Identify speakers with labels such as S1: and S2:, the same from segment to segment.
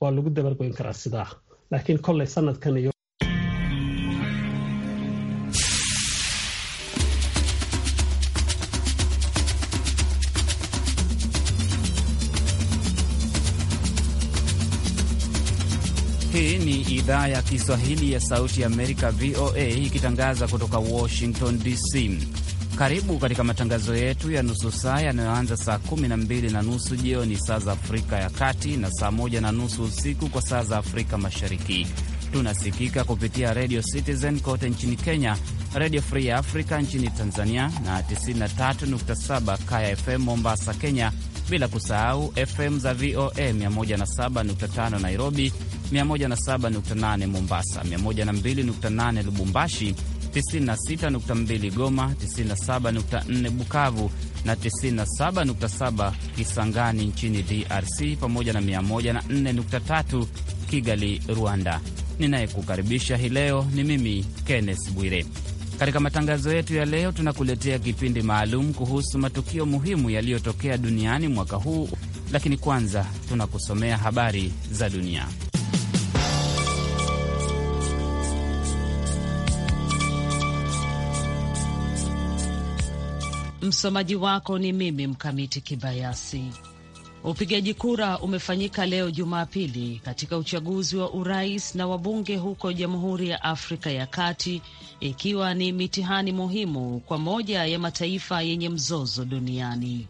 S1: waa lagu dabargoyn karaa sidaa laakiin kolley sanadkan iyo
S2: Hii ni idhaa ya Kiswahili ya Sauti ya Amerika, VOA, ikitangaza kutoka Washington DC. Karibu katika matangazo yetu ya nusu saa yanayoanza saa kumi na mbili na nusu jioni saa za Afrika ya Kati na saa moja na nusu usiku kwa saa za Afrika Mashariki. Tunasikika kupitia Radio Citizen kote nchini Kenya, Radio Free Africa nchini Tanzania na 93.7 Kaya FM Mombasa, Kenya, bila kusahau FM za VOA 107.5 Nairobi, 107.8 Mombasa, 102.8 Lubumbashi 96.2 Goma, 97.4 Bukavu na 97.7 Kisangani nchini DRC pamoja na 104.3 Kigali, Rwanda. Ninayekukaribisha hii leo ni mimi Kenneth Bwire. Katika matangazo yetu ya leo tunakuletea kipindi maalum kuhusu matukio muhimu yaliyotokea duniani mwaka huu, lakini kwanza tunakusomea habari za
S3: dunia. Msomaji wako ni mimi Mkamiti Kibayasi. Upigaji kura umefanyika leo Jumapili katika uchaguzi wa urais na wabunge huko Jamhuri ya Afrika ya Kati, ikiwa ni mitihani muhimu kwa moja ya mataifa yenye mzozo duniani.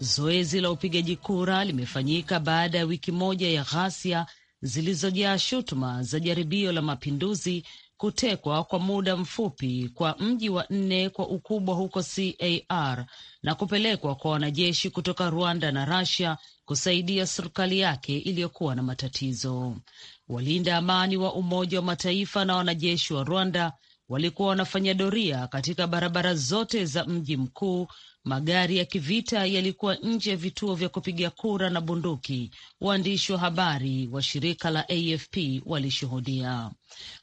S3: Zoezi la upigaji kura limefanyika baada ya wiki moja ya ghasia zilizojaa shutuma za jaribio la mapinduzi kutekwa kwa muda mfupi kwa mji wa nne kwa ukubwa huko CAR na kupelekwa kwa wanajeshi kutoka Rwanda na Russia kusaidia serikali yake iliyokuwa na matatizo. Walinda amani wa Umoja wa Mataifa na wanajeshi wa Rwanda walikuwa wanafanya doria katika barabara zote za mji mkuu. Magari ya kivita yalikuwa nje ya vituo vya kupiga kura na bunduki. Waandishi wa habari wa shirika la AFP walishuhudia.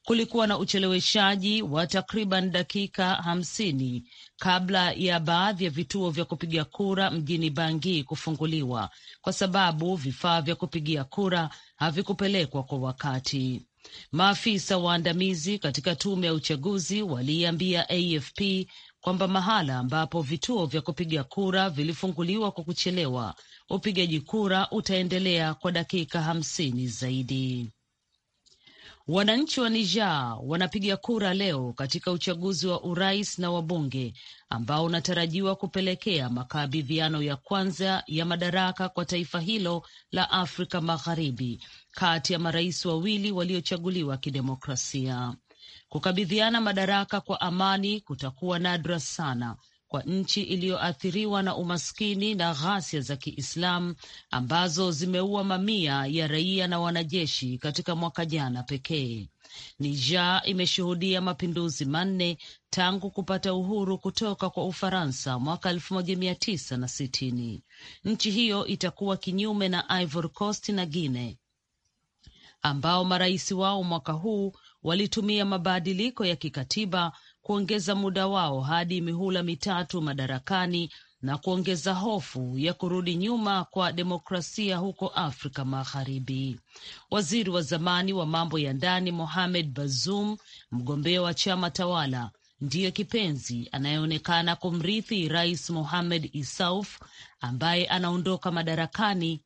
S3: Kulikuwa na ucheleweshaji wa takriban dakika hamsini kabla ya baadhi ya vituo vya kupiga kura mjini Bangi kufunguliwa kwa sababu vifaa vya kupigia kura havikupelekwa kwa wakati. Maafisa waandamizi katika tume ya uchaguzi waliiambia AFP kwamba mahala ambapo vituo vya kupiga kura vilifunguliwa kwa kuchelewa, upigaji kura utaendelea kwa dakika hamsini zaidi. Wananchi wa Niger wanapiga kura leo katika uchaguzi wa urais na wabunge ambao unatarajiwa kupelekea makabidhiano ya kwanza ya madaraka kwa taifa hilo la Afrika Magharibi kati ya marais wawili waliochaguliwa kidemokrasia. Kukabidhiana madaraka kwa amani kutakuwa nadra sana kwa nchi iliyoathiriwa na umaskini na ghasia za Kiislamu ambazo zimeua mamia ya raia na wanajeshi katika mwaka jana pekee. Niger imeshuhudia mapinduzi manne tangu kupata uhuru kutoka kwa Ufaransa mwaka 1960. Nchi hiyo itakuwa kinyume na Ivory Coast na Guinea ambao marais wao mwaka huu walitumia mabadiliko ya kikatiba kuongeza muda wao hadi mihula mitatu madarakani na kuongeza hofu ya kurudi nyuma kwa demokrasia huko Afrika Magharibi. Waziri wa zamani wa mambo ya ndani Mohamed Bazoum, mgombea wa chama tawala, ndiye kipenzi anayeonekana kumrithi Rais Mohamed isauf ambaye anaondoka madarakani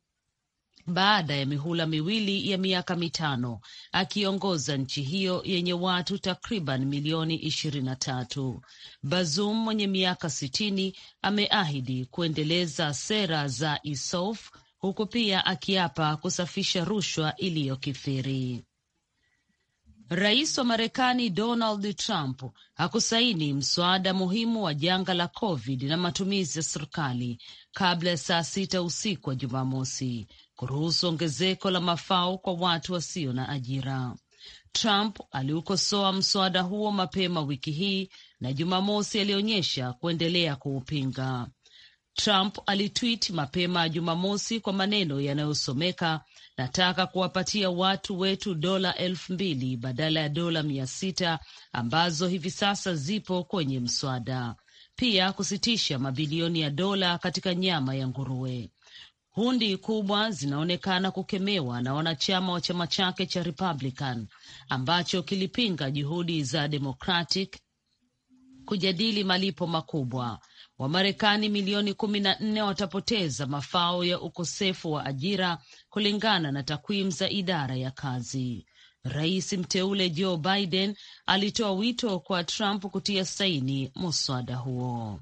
S3: baada ya mihula miwili ya miaka mitano akiongoza nchi hiyo yenye watu takriban milioni ishirini na tatu. Bazoum mwenye miaka sitini ameahidi kuendeleza sera za ISOF huku pia akiapa kusafisha rushwa iliyokithiri. Rais wa Marekani Donald Trump hakusaini mswada muhimu wa janga la COVID na matumizi ya serikali kabla ya saa sita usiku wa Jumamosi, kuruhusu ongezeko la mafao kwa watu wasio na ajira. Trump aliukosoa mswada huo mapema wiki hii na Jumamosi alionyesha kuendelea kuupinga. Trump alitwit mapema Jumamosi kwa maneno yanayosomeka nataka kuwapatia watu wetu dola elfu mbili badala ya dola mia sita ambazo hivi sasa zipo kwenye mswada, pia kusitisha mabilioni ya dola katika nyama ya nguruwe. Hundi kubwa zinaonekana kukemewa na wanachama wa chama chake cha Republican ambacho kilipinga juhudi za Democratic kujadili malipo makubwa. Wamarekani milioni kumi na nne watapoteza mafao ya ukosefu wa ajira kulingana na takwimu za idara ya kazi. Rais mteule Joe Biden alitoa wito kwa Trump kutia saini muswada huo.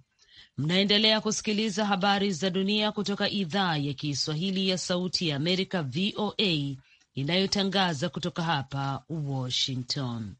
S3: Mnaendelea kusikiliza habari za dunia kutoka idhaa ya Kiswahili ya Sauti ya Amerika, VOA, inayotangaza kutoka hapa Washington.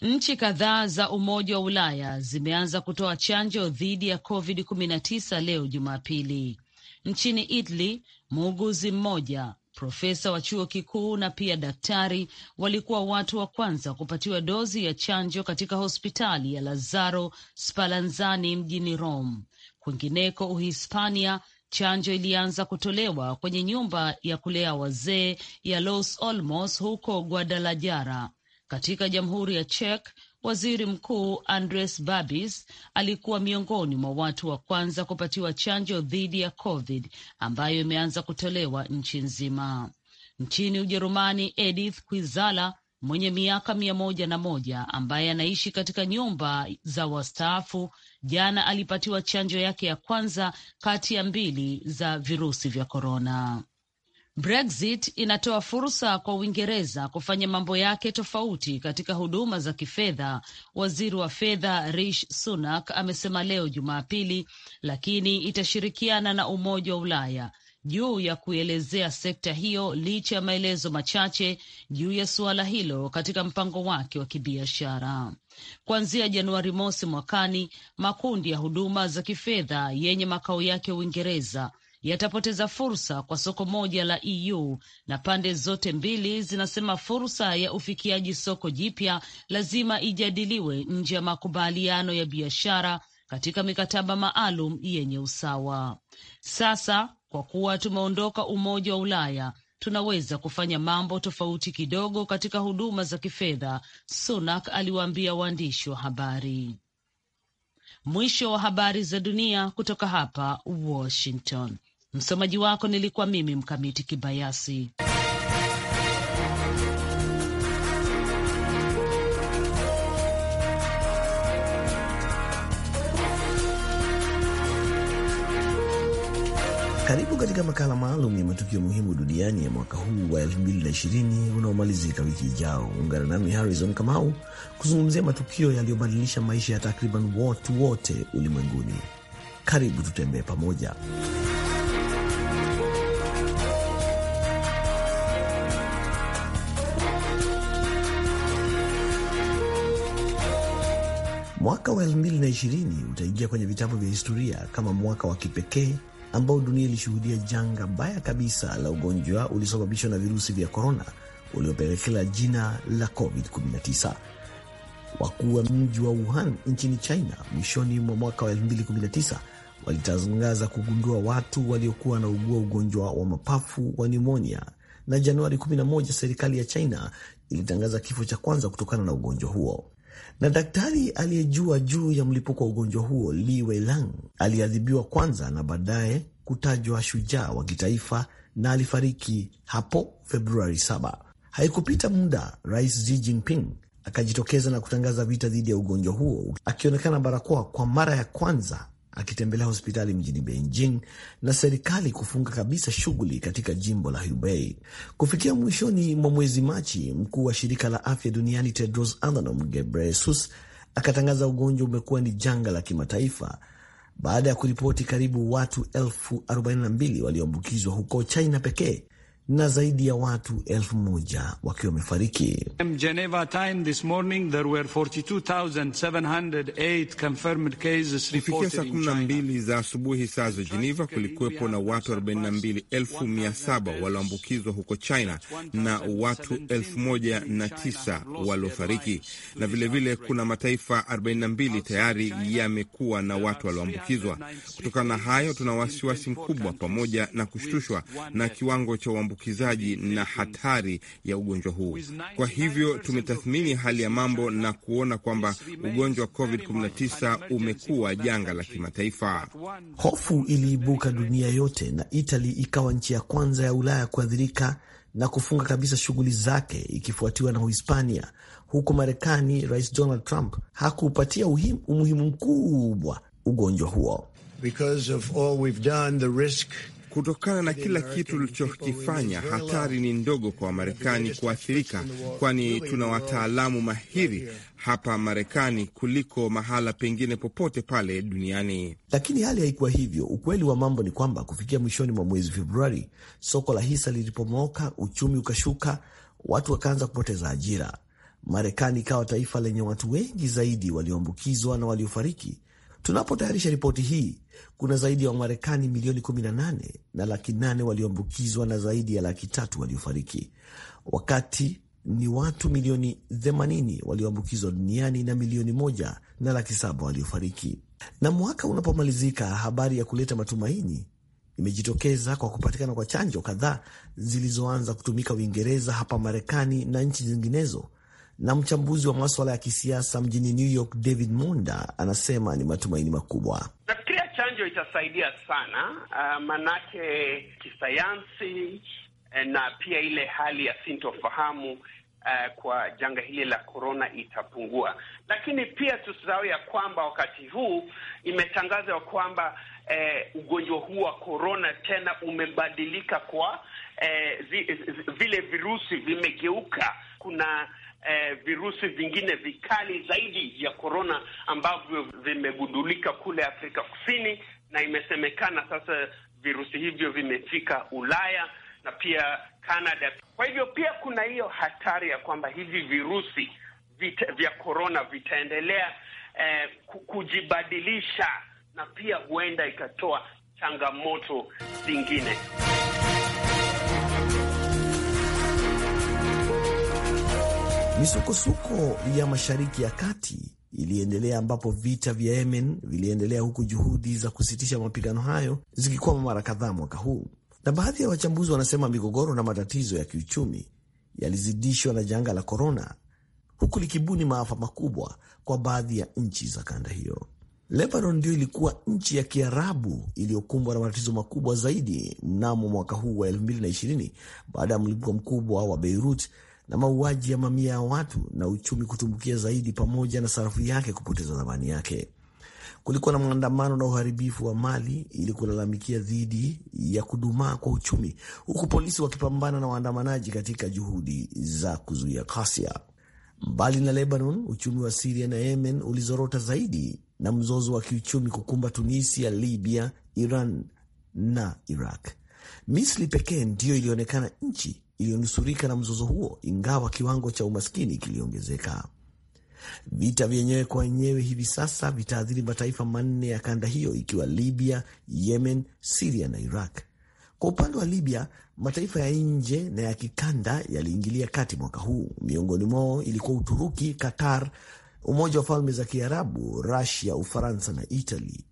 S3: Nchi kadhaa za Umoja wa Ulaya zimeanza kutoa chanjo dhidi ya COVID-19 leo Jumapili. Nchini Italy, muuguzi mmoja Profesa wa chuo kikuu na pia daktari walikuwa watu wa kwanza kupatiwa dozi ya chanjo katika hospitali ya Lazaro Spallanzani mjini Rome. Kwingineko Uhispania, chanjo ilianza kutolewa kwenye nyumba ya kulea wazee ya Los Olmos huko Guadalajara. Katika Jamhuri ya Czech Waziri Mkuu Andres Babis alikuwa miongoni mwa watu wa kwanza kupatiwa chanjo dhidi ya COVID ambayo imeanza kutolewa nchi nzima. Nchini Ujerumani, Edith Kwizala mwenye miaka mia moja na moja ambaye anaishi katika nyumba za wastaafu, jana alipatiwa chanjo yake ya kwanza kati ya mbili za virusi vya korona. Brexit inatoa fursa kwa Uingereza kufanya mambo yake tofauti katika huduma za kifedha, waziri wa fedha Rishi Sunak amesema leo Jumapili, lakini itashirikiana na Umoja wa Ulaya juu ya kuelezea sekta hiyo licha ya maelezo machache juu ya suala hilo katika mpango wake wa kibiashara. Kuanzia Januari mosi mwakani, makundi ya huduma za kifedha yenye makao yake Uingereza yatapoteza fursa kwa soko moja la EU na pande zote mbili zinasema fursa ya ufikiaji soko jipya lazima ijadiliwe nje ya makubaliano ya biashara katika mikataba maalum yenye usawa. Sasa kwa kuwa tumeondoka Umoja wa Ulaya, tunaweza kufanya mambo tofauti kidogo katika huduma za kifedha, Sunak aliwaambia waandishi wa habari. Mwisho wa habari za dunia kutoka hapa Washington. Msomaji wako nilikuwa mimi Mkamiti Kibayasi.
S4: Karibu katika makala maalum ya matukio muhimu duniani ya mwaka huu wa 2020 unaomalizika wiki ijao. Ungana nami Harrison Kamau kuzungumzia matukio yaliyobadilisha maisha ya takriban watu wote ulimwenguni. Karibu tutembee pamoja. Mwaka wa 2020 utaingia kwenye vitabu vya historia kama mwaka wa kipekee ambao dunia ilishuhudia janga baya kabisa la ugonjwa uliosababishwa na virusi vya korona uliopelekea jina la COVID-19. Wakuu wa mji wa Wuhan nchini China mwishoni mwa mwaka wa 2019 walitangaza kugundua watu waliokuwa wanaugua ugonjwa wa mapafu wa nimonia, na Januari 11 serikali ya China ilitangaza kifo cha kwanza kutokana na ugonjwa huo na daktari aliyejua juu ya mlipuko wa ugonjwa huo Li Weilang aliadhibiwa kwanza na baadaye kutajwa shujaa wa kitaifa na alifariki hapo Februari 7. Haikupita muda, Rais Xi Jinping akajitokeza na kutangaza vita dhidi ya ugonjwa huo, akionekana barakoa kwa mara ya kwanza akitembelea hospitali mjini Beijing na serikali kufunga kabisa shughuli katika jimbo la Hubei kufikia mwishoni mwa mwezi Machi. Mkuu wa shirika la afya duniani Tedros Adhanom Ghebreyesus akatangaza ugonjwa umekuwa ni janga la kimataifa baada ya kuripoti karibu watu elfu 42 walioambukizwa huko China pekee na zaidi ya watu elfu
S5: moja wakiwa wamefariki.
S2: Kufikia saa kumi
S5: na mbili za asubuhi saa za Geneva, kulikuwepo na watu 42,700 walioambukizwa huko China na watu 1,009 waliofariki, na vilevile vile kuna mataifa 42 tayari yamekuwa na watu walioambukizwa. Kutokana na hayo, tuna wasiwasi mkubwa pamoja na kushtushwa na kiwango cha uambukizaji na hatari ya ugonjwa huu. Kwa hivyo tumetathmini hali ya mambo na kuona kwamba ugonjwa wa COVID-19 umekuwa janga la kimataifa.
S1: Hofu iliibuka
S4: dunia yote na Itali ikawa nchi ya kwanza ya Ulaya kuathirika na kufunga kabisa shughuli zake ikifuatiwa na Uhispania. Huko Marekani, Rais Donald Trump hakuupatia umuhimu mkubwa ugonjwa huo.
S1: Because of all we've
S5: done, the risk Kutokana na kila kitu tulichokifanya, hatari ni ndogo kwa Wamarekani kuathirika, kwani tuna wataalamu mahiri hapa Marekani kuliko mahala pengine popote pale duniani.
S4: Lakini hali haikuwa hivyo. Ukweli wa mambo ni kwamba kufikia mwishoni mwa mwezi Februari, soko la hisa lilipomoka, uchumi ukashuka, watu wakaanza kupoteza ajira. Marekani ikawa taifa lenye watu wengi zaidi walioambukizwa na waliofariki Tunapotayarisha ripoti hii, kuna zaidi ya Wamarekani milioni 18 na laki 8 walioambukizwa na zaidi ya laki tatu waliofariki, wakati ni watu milioni 80 walioambukizwa duniani na milioni moja na laki saba waliofariki. Na mwaka unapomalizika, habari ya kuleta matumaini imejitokeza kwa kupatikana kwa chanjo kadhaa zilizoanza kutumika Uingereza, hapa Marekani na nchi zinginezo na mchambuzi wa maswala ya kisiasa mjini New York David Monda anasema ni matumaini makubwa.
S1: Nafikiria chanjo itasaidia sana, uh, manake kisayansi eh, na pia ile hali ya sintofahamu uh, kwa janga hili la korona itapungua, lakini pia tusahau ya kwamba wakati huu imetangazwa kwamba uh, ugonjwa huu wa korona tena umebadilika kwa uh, zi, zi, vile virusi vimegeuka, kuna eh, virusi vingine vikali zaidi vya korona ambavyo vimegundulika kule Afrika Kusini, na imesemekana sasa virusi hivyo vimefika Ulaya na pia Canada. Kwa hivyo pia kuna hiyo hatari ya kwamba hivi virusi vita, vya korona vitaendelea eh, kujibadilisha na pia huenda ikatoa changamoto zingine.
S4: Misukosuko ya Mashariki ya Kati iliendelea ambapo vita vya Yemen viliendelea huku juhudi za kusitisha mapigano hayo zikikwama mara kadhaa mwaka huu, na baadhi ya wachambuzi wanasema migogoro na matatizo ya kiuchumi yalizidishwa na janga la korona, huku likibuni maafa makubwa kwa baadhi ya nchi za kanda hiyo. Lebanon ndio ilikuwa nchi ya Kiarabu iliyokumbwa na matatizo makubwa zaidi mnamo mwaka huu wa 2020 baada ya mlipuko mkubwa wa Beirut na mauaji ya mamia ya watu na uchumi kutumbukia zaidi, pamoja na sarafu yake kupoteza thamani yake. Kulikuwa na maandamano na uharibifu wa mali ili kulalamikia dhidi ya kudumaa kwa uchumi, huku polisi wakipambana na waandamanaji katika juhudi za kuzuia ghasia. Mbali na Lebanon, uchumi wa Siria na Yemen ulizorota zaidi na mzozo wa kiuchumi kukumba Tunisia, Libya, Iran na Iraq. Misri pekee ndiyo ilionekana nchi iliyonusurika na mzozo huo, ingawa kiwango cha umaskini kiliongezeka. Vita vyenyewe kwa wenyewe hivi sasa vitaathiri mataifa manne ya kanda hiyo, ikiwa Libya, Yemen, Siria na Iraq. Kwa upande wa Libya, mataifa ya nje na ya kikanda yaliingilia kati mwaka huu. Miongoni mwao ilikuwa Uturuki, Qatar, Umoja wa Falme za Kiarabu, Rusia, Ufaransa na Italy.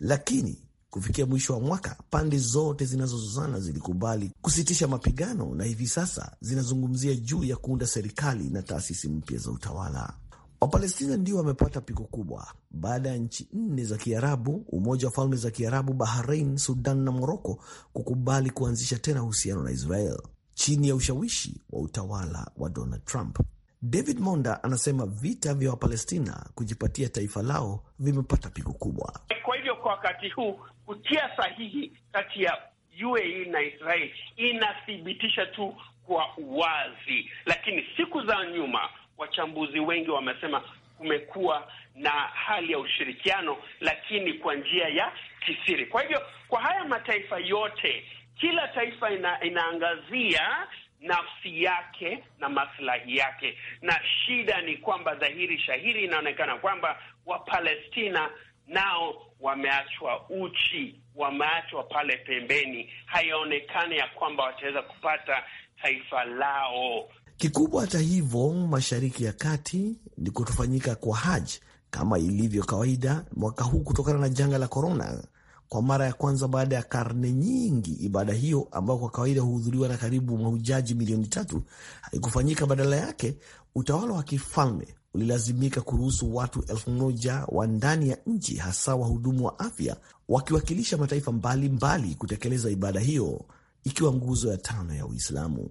S4: Lakini Kufikia mwisho wa mwaka, pande zote zinazozozana zilikubali kusitisha mapigano na hivi sasa zinazungumzia juu ya kuunda serikali na taasisi mpya za utawala. Wapalestina ndio wamepata pigo kubwa baada ya nchi nne za Kiarabu, Umoja wa Falme za Kiarabu, Bahrain, Sudan na Moroko kukubali kuanzisha tena uhusiano na Israel chini ya ushawishi wa utawala wa Donald Trump. David Monda anasema vita vya Wapalestina kujipatia taifa lao vimepata pigo
S1: kubwa. Kwa kwa wakati huu kutia sahihi kati ya UAE na Israel inathibitisha tu kwa uwazi, lakini siku za nyuma wachambuzi wengi wamesema kumekuwa na hali ya ushirikiano, lakini kwa njia ya kisiri. Kwa hivyo kwa haya mataifa yote, kila taifa ina, inaangazia nafsi yake na maslahi yake, na shida ni kwamba dhahiri shahiri inaonekana kwamba Wapalestina nao wameachwa uchi, wameachwa pale pembeni, hayaonekani ya kwamba wataweza kupata taifa lao
S4: kikubwa. Hata hivyo, mashariki ya kati ni kutofanyika kwa haji kama ilivyo kawaida mwaka huu kutokana na janga la korona. Kwa mara ya kwanza baada ya karne nyingi, ibada hiyo ambayo kwa kawaida huhudhuriwa na karibu mahujaji milioni tatu haikufanyika. Badala yake, utawala wa kifalme ulilazimika kuruhusu watu elfu moja wa ndani ya nchi, hasa wahudumu wa afya wakiwakilisha mataifa mbalimbali mbali kutekeleza ibada hiyo, ikiwa nguzo ya tano ya Uislamu.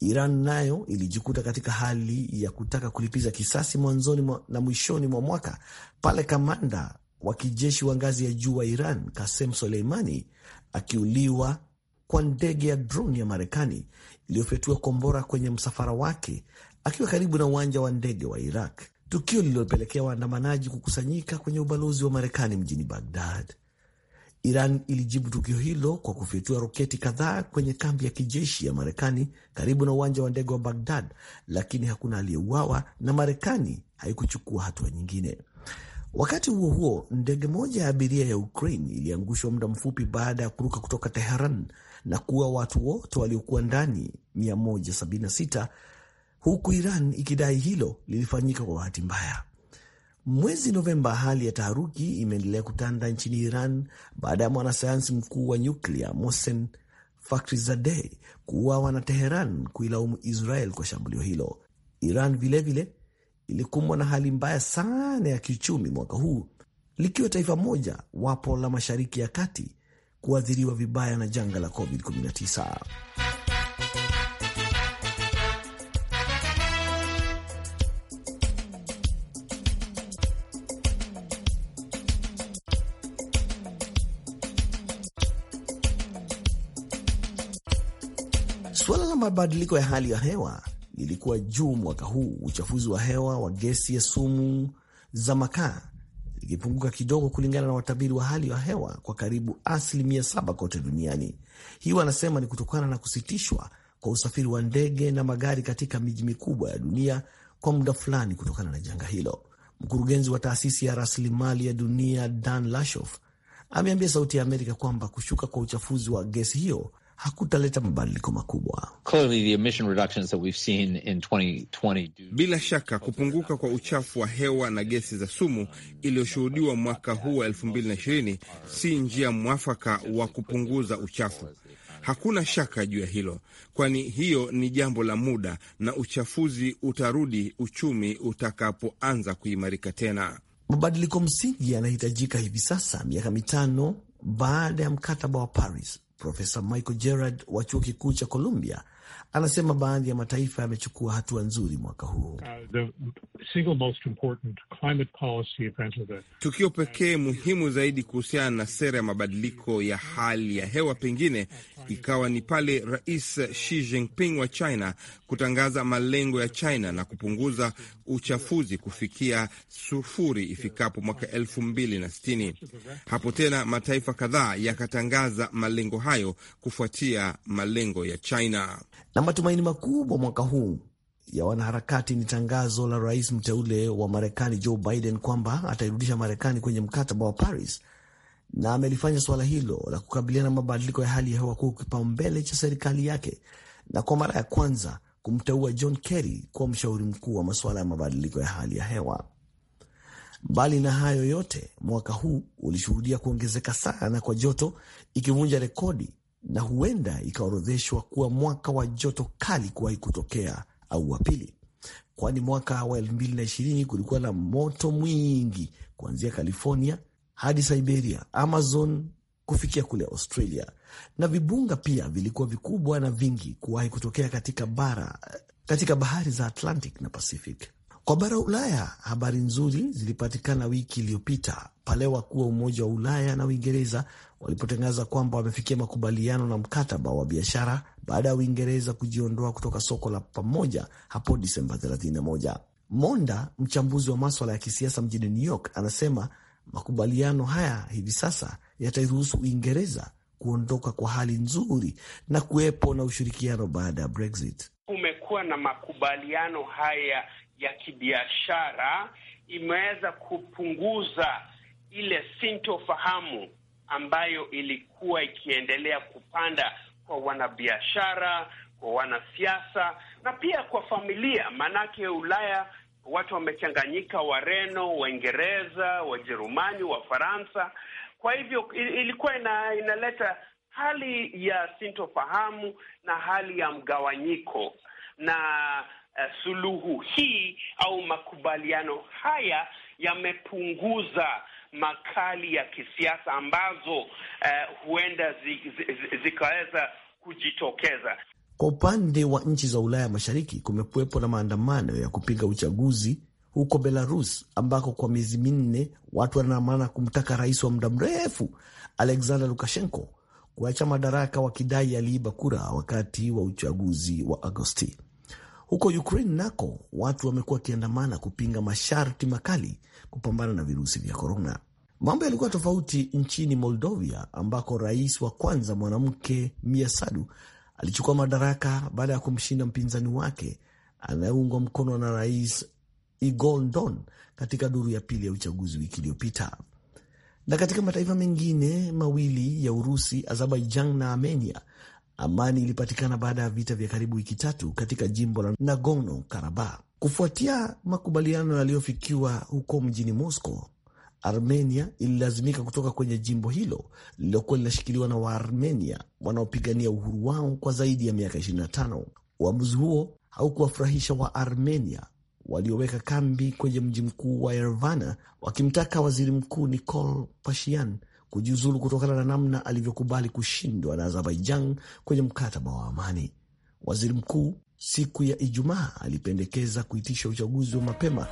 S4: Iran nayo ilijikuta katika hali ya kutaka kulipiza kisasi mwanzoni na mwishoni mwa mwaka pale kamanda wa kijeshi wa ngazi ya juu wa Iran Kasem Soleimani akiuliwa kwa ndege ya dron ya Marekani iliyofyatua kombora kwenye msafara wake akiwa karibu na uwanja wa ndege wa Iraq, tukio lililopelekea waandamanaji kukusanyika kwenye ubalozi wa Marekani mjini Bagdad. Iran ilijibu tukio hilo kwa kufyatua roketi kadhaa kwenye kambi ya kijeshi ya Marekani karibu na uwanja wa ndege wa Bagdad, lakini hakuna aliyeuawa na Marekani haikuchukua hatua nyingine. Wakati huo huo, ndege moja ya abiria ya Ukraine iliangushwa muda mfupi baada ya kuruka kutoka Teheran na kuua watu wote waliokuwa ndani 176 huku Iran ikidai hilo lilifanyika kwa bahati mbaya. Mwezi Novemba, hali ya taharuki imeendelea kutanda nchini Iran baada ya mwanasayansi mkuu wa nyuklia Mohsen Fakhrizadeh kuuawa na Teheran kuilaumu Israel kwa shambulio hilo. Iran vilevile vile ilikumbwa na hali mbaya sana ya kiuchumi mwaka huu, likiwa taifa moja wapo la Mashariki ya Kati kuathiriwa vibaya na janga la COVID-19. mabadiliko ya hali ya hewa lilikuwa juu mwaka huu, uchafuzi wa hewa wa gesi ya sumu za makaa likipunguka kidogo kulingana na watabiri wa hali ya hewa kwa karibu asilimia saba kote duniani. hiyo anasema ni kutokana na kusitishwa kwa usafiri wa ndege na magari katika miji mikubwa ya dunia kwa muda fulani kutokana na janga hilo. Mkurugenzi wa taasisi ya rasilimali ya dunia Dan Lashof ameambia Sauti ya Amerika kwamba kushuka kwa uchafuzi wa gesi hiyo hakutaleta mabadiliko makubwa.
S5: Bila shaka kupunguka kwa uchafu wa hewa na gesi za sumu iliyoshuhudiwa mwaka huu wa 2020 si njia mwafaka wa kupunguza uchafu. Hakuna shaka juu ya hilo, kwani hiyo ni jambo la muda na uchafuzi utarudi uchumi utakapoanza kuimarika tena.
S4: Mabadiliko msingi yanahitajika hivi sasa, miaka mitano baada ya mkataba wa Paris. Profesa Michael Gerard wa chuo kikuu cha Columbia Anasema baadhi ya mataifa yamechukua hatua nzuri mwaka huu.
S5: Uh, tukio pekee muhimu zaidi kuhusiana na sera ya mabadiliko ya hali ya hewa pengine ikawa ni pale Rais Xi Jinping wa China kutangaza malengo ya China na kupunguza uchafuzi kufikia sufuri ifikapo mwaka elfu mbili na sitini. Hapo tena mataifa kadhaa yakatangaza malengo hayo kufuatia malengo ya China na matumaini makubwa
S4: mwaka huu ya wanaharakati ni tangazo la rais mteule wa Marekani Joe Biden kwamba atairudisha Marekani kwenye mkataba wa Paris, na amelifanya suala hilo la kukabiliana na mabadiliko ya hali ya hewa kuwa kipaumbele cha serikali yake, na kwa mara ya kwanza kumteua John Kerry kuwa mshauri mkuu wa masuala ya mabadiliko ya hali ya hewa. Mbali na hayo yote, mwaka huu ulishuhudia kuongezeka sana kwa joto, ikivunja rekodi na huenda ikaorodheshwa kuwa mwaka wa joto kali kuwahi kutokea au wa pili, kwani mwaka wa elfu mbili na ishirini kulikuwa na moto mwingi kuanzia California hadi Siberia, Amazon kufikia kule Australia, na vibunga pia vilikuwa vikubwa na vingi kuwahi kutokea katika bara, eh, katika bahari za Atlantic na Pacific. Kwa bara Ulaya, habari nzuri zilipatikana wiki iliyopita pale wakuu wa Umoja wa Ulaya na Uingereza walipotangaza kwamba wamefikia makubaliano na mkataba wa biashara baada ya Uingereza kujiondoa kutoka soko la pamoja hapo Disemba 31. Monda, mchambuzi wa maswala ya kisiasa mjini New York, anasema makubaliano haya hivi sasa yatairuhusu Uingereza kuondoka kwa hali nzuri na kuwepo na ushirikiano baada ya Brexit.
S1: Kumekuwa na makubaliano haya ya kibiashara imeweza kupunguza ile sintofahamu ambayo ilikuwa ikiendelea kupanda kwa wanabiashara, kwa wanasiasa na pia kwa familia. Maanake Ulaya watu wamechanganyika, Wareno, Waingereza, Wajerumani, Wafaransa. Kwa hivyo ilikuwa ina, inaleta hali ya sintofahamu na hali ya mgawanyiko, na Eh, suluhu hii au makubaliano haya yamepunguza makali ya kisiasa ambazo uh, huenda zikaweza kujitokeza.
S4: Kwa upande wa nchi za Ulaya Mashariki, kumekuwepo na maandamano ya kupinga uchaguzi huko Belarus ambako kwa miezi minne watu wanaandamana kumtaka rais wa muda mrefu Alexander Lukashenko kuacha madaraka, wakidai aliiba kura wakati wa uchaguzi wa Agosti. Huko Ukraine nako watu wamekuwa wakiandamana kupinga masharti makali kupambana na virusi vya korona. Mambo yalikuwa tofauti nchini Moldovia ambako rais wa kwanza mwanamke Mia Sadu alichukua madaraka baada ya kumshinda mpinzani wake anayeungwa mkono na rais Igor Dodon katika duru ya pili ya uchaguzi wiki iliyopita. Na katika mataifa mengine mawili ya Urusi, Azerbaijan na Armenia, Amani ilipatikana baada ya vita vya karibu wiki tatu katika jimbo la Nagorno Karabakh kufuatia makubaliano yaliyofikiwa huko mjini Moscow. Armenia ililazimika kutoka kwenye jimbo hilo lililokuwa linashikiliwa na Waarmenia wanaopigania uhuru wao kwa zaidi ya miaka 25. Uamuzi huo haukuwafurahisha Waarmenia walioweka kambi kwenye mji mkuu wa Yerevan, wakimtaka waziri mkuu Nikol Pashinyan kujiuzulu kutokana na namna alivyokubali kushindwa na Azerbaijan kwenye mkataba wa amani. Waziri mkuu siku ya Ijumaa alipendekeza kuitisha uchaguzi wa mapema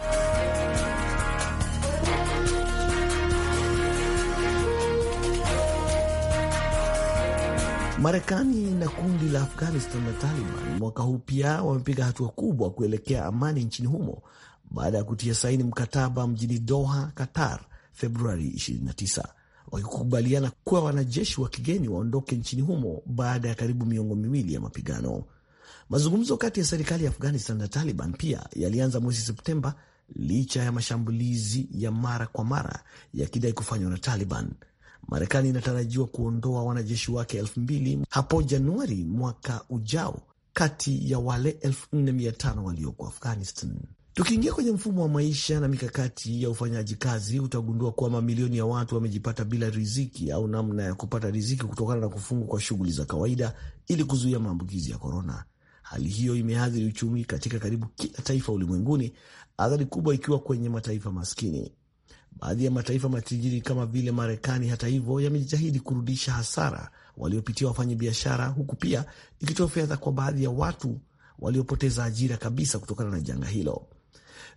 S4: Marekani na kundi la Afghanistan na Taliban mwaka huu pia wamepiga hatua kubwa kuelekea amani nchini humo baada ya kutia saini mkataba mjini Doha, Qatar, Februari 29 wakikubaliana kuwa wanajeshi wa kigeni waondoke nchini humo baada ya karibu miongo miwili ya mapigano. Mazungumzo kati ya serikali ya Afghanistan na Taliban pia yalianza mwezi Septemba licha ya mashambulizi ya mara kwa mara yakidai kufanywa na Taliban. Marekani inatarajiwa kuondoa wanajeshi wake elfu mbili hapo Januari mwaka ujao kati ya wale elfu nne mia tano walioko Afghanistan. Tukiingia kwenye mfumo wa maisha na mikakati ya ufanyaji kazi, utagundua kuwa mamilioni ya watu wamejipata bila riziki au namna ya kupata riziki kutokana na kufungwa kwa shughuli za kawaida ili kuzuia maambukizi ya korona. Hali hiyo imeathiri uchumi katika karibu kila taifa ulimwenguni, athari kubwa ikiwa kwenye mataifa maskini. Baadhi ya mataifa matajiri kama vile Marekani, hata hivyo, yamejitahidi kurudisha hasara waliopitia wafanyabiashara, huku pia ikitoa fedha kwa baadhi ya watu waliopoteza ajira kabisa kutokana na janga hilo.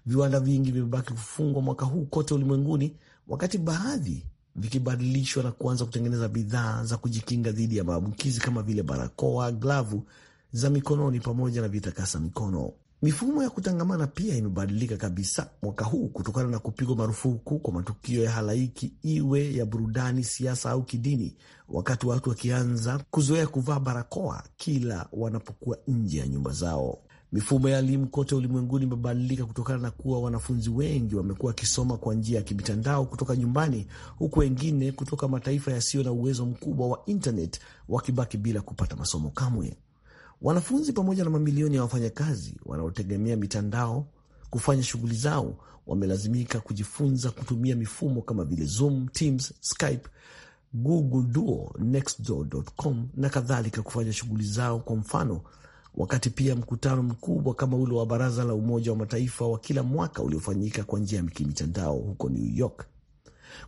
S4: Viwanda vingi vimebaki kufungwa mwaka huu kote ulimwenguni, wakati baadhi vikibadilishwa na kuanza kutengeneza bidhaa za kujikinga dhidi ya maambukizi kama vile barakoa, glavu za mikononi pamoja na vitakasa mikono. Mifumo ya kutangamana pia imebadilika kabisa mwaka huu kutokana na kupigwa marufuku kwa matukio ya halaiki, iwe ya burudani, siasa au kidini, wakati watu wakianza kuzoea kuvaa barakoa kila wanapokuwa nje ya nyumba zao. Mifumo ya elimu kote ulimwenguni imebadilika kutokana na kuwa wanafunzi wengi wamekuwa wakisoma kwa njia ya kimitandao kutoka nyumbani, huku wengine kutoka mataifa yasiyo na uwezo mkubwa wa intanet wakibaki bila kupata masomo kamwe. Wanafunzi pamoja na mamilioni ya wafanyakazi wanaotegemea mitandao kufanya shughuli zao wamelazimika kujifunza kutumia mifumo kama vile Zoom, Teams, Skype, Google Duo, Nextdoor.com na kadhalika kufanya shughuli zao kwa mfano, wakati pia mkutano mkubwa kama ule wa Baraza la Umoja wa Mataifa wa kila mwaka uliofanyika kwa njia ya kimitandao huko New York.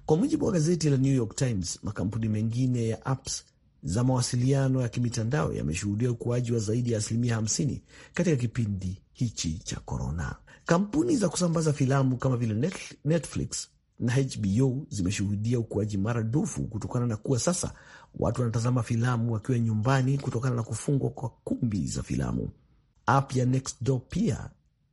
S4: Kwa mujibu wa gazeti la New York Times, makampuni mengine ya apps za mawasiliano ya kimitandao yameshuhudia ukuaji wa zaidi ya asilimia 50 katika kipindi hichi cha korona. Kampuni za kusambaza filamu kama vile Netflix na HBO zimeshuhudia ukuaji maradufu kutokana na kuwa sasa watu wanatazama filamu wakiwa nyumbani kutokana na kufungwa kwa kumbi za filamu. App ya Nextdoor pia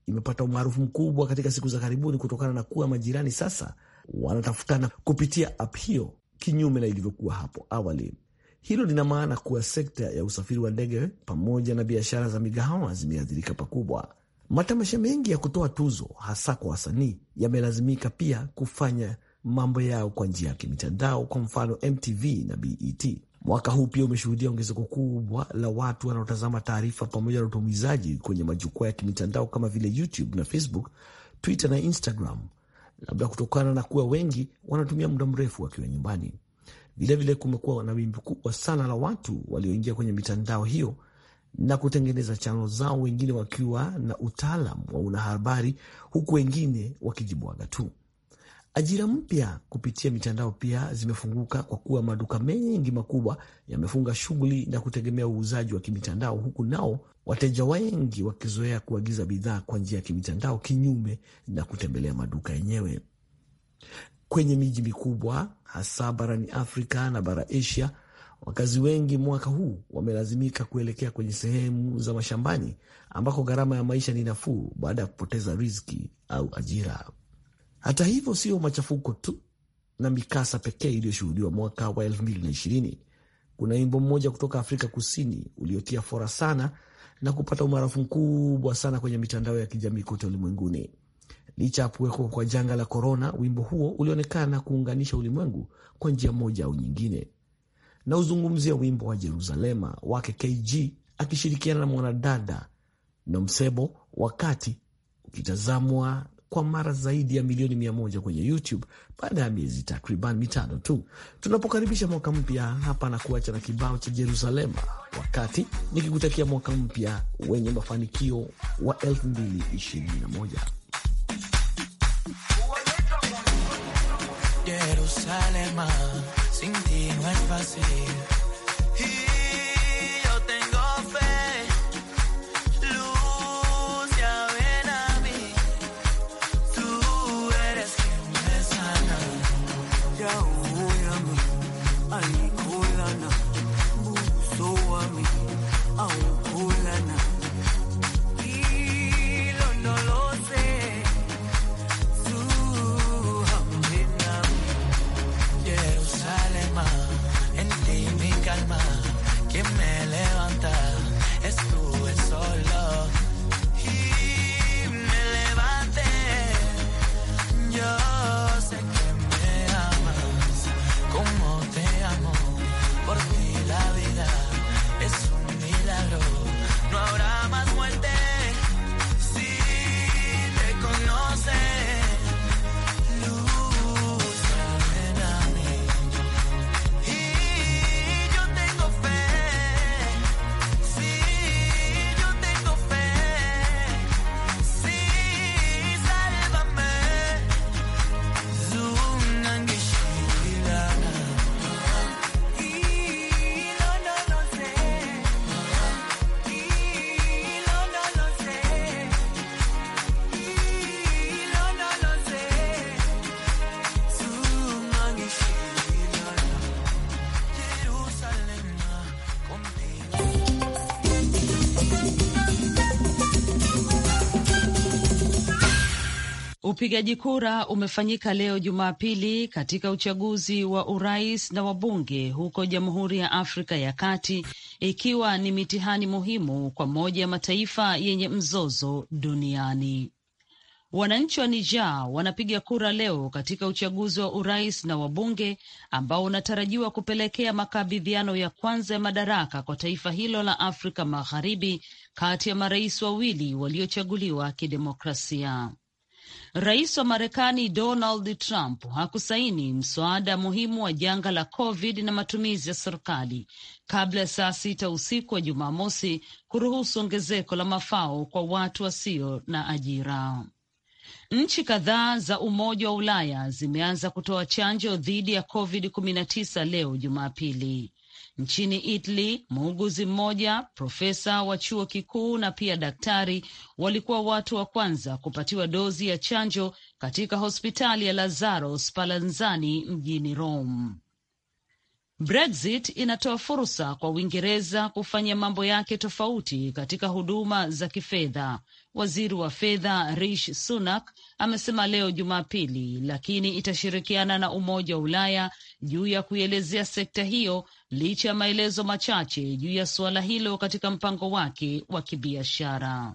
S4: imepata umaarufu mkubwa katika siku za karibuni kutokana na kuwa majirani sasa wanatafutana kupitia app hiyo, kinyume na ilivyokuwa hapo awali. Hilo lina maana kuwa sekta ya usafiri wa ndege pamoja na biashara za migahawa zimeathirika pakubwa. Matamasha mengi ya kutoa tuzo hasa kwa wasanii yamelazimika pia kufanya mambo yao kwa njia ya kimitandao, kwa mfano MTV na BET. Mwaka huu pia umeshuhudia ongezeko kubwa la watu wanaotazama taarifa pamoja na utumizaji kwenye majukwaa ya kimitandao kama vile YouTube na Facebook, Twitter na Instagram, labda kutokana na kuwa wengi wanatumia muda mrefu wakiwa nyumbani. Vilevile kumekuwa na wimbi kubwa sana la watu walioingia kwenye mitandao hiyo na kutengeneza chano zao, wengine wakiwa na utaalam wa unahabari, huku wengine wakijibwaga tu. Ajira mpya kupitia mitandao pia zimefunguka kwa kuwa maduka mengi makubwa yamefunga shughuli na kutegemea uuzaji wa kimitandao, huku nao wateja wengi wakizoea kuagiza bidhaa kwa njia ya kimitandao kinyume na kutembelea maduka yenyewe kwenye miji mikubwa hasa barani Afrika na bara Asia, wakazi wengi mwaka huu wamelazimika kuelekea kwenye sehemu za mashambani ambako gharama ya maisha ni nafuu baada ya kupoteza riziki au ajira. Hata hivyo, sio machafuko tu na mikasa pekee iliyoshuhudiwa mwaka wa 2020. Kuna wimbo mmoja kutoka Afrika Kusini uliotia fora sana na kupata umaarufu mkubwa sana kwenye mitandao ya kijamii kote ulimwenguni. Licha ya kuwekwa kwa janga la korona, wimbo huo ulionekana kuunganisha ulimwengu kwa njia moja au nyingine. Na uzungumzia wimbo wa Jerusalema wake KG akishirikiana na mwanadada na Msebo, wakati ukitazamwa kwa mara zaidi ya milioni mia moja kwenye YouTube baada ya miezi takriban mitano tu. Tunapokaribisha mwaka mpya hapa na kuacha na kibao cha Jerusalema, wakati nikikutakia mwaka mpya wenye mafanikio wa 221 Jerusalén, sin ti no es fácil.
S3: Upigaji kura umefanyika leo Jumapili katika uchaguzi wa urais na wabunge huko Jamhuri ya Afrika ya Kati, ikiwa ni mitihani muhimu kwa moja ya mataifa yenye mzozo duniani. Wananchi wa Niger wanapiga kura leo katika uchaguzi wa urais na wabunge ambao unatarajiwa kupelekea makabidhiano ya kwanza ya madaraka kwa taifa hilo la Afrika Magharibi kati ya marais wawili waliochaguliwa kidemokrasia. Rais wa Marekani Donald Trump hakusaini mswada muhimu wa janga la COVID na matumizi ya serikali kabla ya saa sita usiku wa Jumamosi kuruhusu ongezeko la mafao kwa watu wasio na ajira. Nchi kadhaa za Umoja wa Ulaya zimeanza kutoa chanjo dhidi ya COVID-19 leo Jumapili. Nchini Italy, muuguzi mmoja, profesa wa chuo kikuu na pia daktari walikuwa watu wa kwanza kupatiwa dozi ya chanjo katika hospitali ya Lazaro Spallanzani mjini Rome. Brexit inatoa fursa kwa Uingereza kufanya mambo yake tofauti katika huduma za kifedha. Waziri wa fedha Rishi Sunak amesema leo Jumapili, lakini itashirikiana na Umoja wa Ulaya juu ya kuielezea sekta hiyo, licha ya maelezo machache juu ya suala hilo katika mpango wake wa kibiashara.